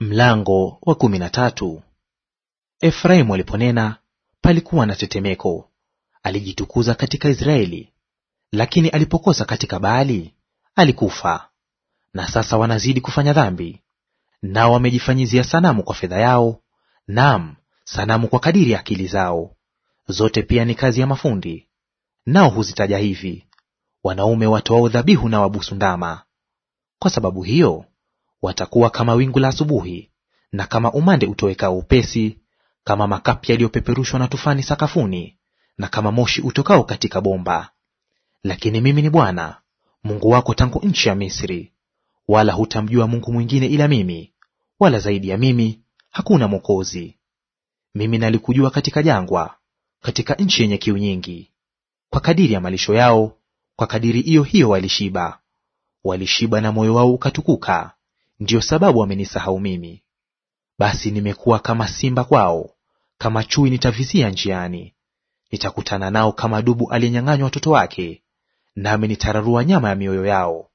Mlango wa kumi na tatu. Efraimu aliponena palikuwa na tetemeko, alijitukuza katika Israeli, lakini alipokosa katika Baali alikufa. Na sasa wanazidi kufanya dhambi, nao wamejifanyizia sanamu kwa fedha yao, naam, sanamu kwa kadiri ya akili zao zote, pia ni kazi ya mafundi. Nao huzitaja hivi, wanaume watoao dhabihu na wabusu ndama. Kwa sababu hiyo Watakuwa kama wingu la asubuhi, na kama umande utowekao upesi, kama makapi yaliyopeperushwa na tufani sakafuni, na kama moshi utokao katika bomba. Lakini mimi ni Bwana Mungu wako tangu nchi ya Misri, wala hutamjua Mungu mwingine ila mimi, wala zaidi ya mimi hakuna mwokozi. Mimi nalikujua katika jangwa, katika nchi yenye kiu nyingi. Kwa kadiri ya malisho yao, kwa kadiri iyo hiyo walishiba; walishiba na moyo wao ukatukuka, ndiyo sababu wamenisahau mimi. Basi nimekuwa kama simba kwao, kama chui nitavizia njiani. Nitakutana nao kama dubu aliyenyang'anywa watoto wake, nami nitararua nyama ya mioyo yao.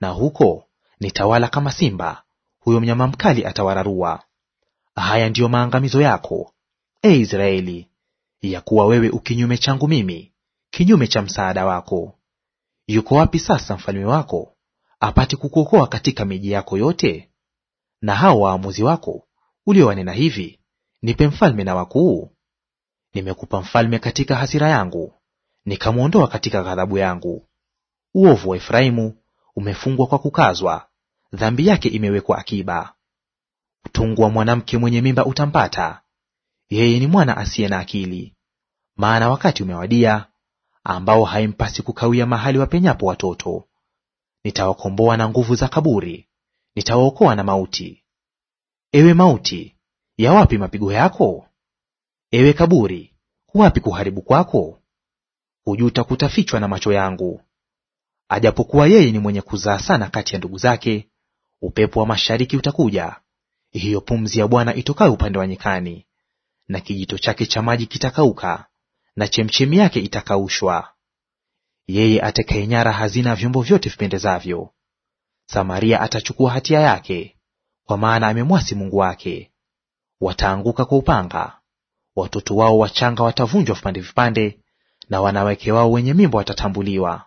Na huko nitawala kama simba, huyo mnyama mkali atawararua. Haya ndiyo maangamizo yako, e Israeli, ya kuwa wewe ukinyume changu mimi, kinyume cha msaada wako. Yuko wapi sasa mfalme wako apate kukuokoa katika miji yako yote? Na hao waamuzi wako uliowanena hivi, nipe mfalme na wakuu? Nimekupa mfalme katika hasira yangu, nikamwondoa katika ghadhabu yangu. Uovu wa Efraimu umefungwa kwa kukazwa, dhambi yake imewekwa akiba. Utungu wa mwanamke mwenye mimba utampata yeye, ni mwana asiye na akili. Maana wakati umewadia ambao haimpasi kukawia mahali wapenyapo watoto. Nitawakomboa na nguvu za kaburi, nitawaokoa na mauti. Ewe mauti, ya wapi mapigo yako? Ewe kaburi, kuwapi kuharibu kwako? Hujuta kutafichwa na macho yangu. Ajapokuwa yeye ni mwenye kuzaa sana kati ya ndugu zake, upepo wa mashariki utakuja, hiyo pumzi ya Bwana itokayo upande wa nyikani, na kijito chake cha maji kitakauka, na chemchemi yake itakaushwa yeye nyara hazina vyombo vyote vipendezavyo. Samaria atachukua hatia yake, kwa maana amemwasi Mungu wake. Wataanguka kwa upanga, watoto wao wachanga watavunjwa vipande vipande, na wanawake wao wenye mimba watatambuliwa.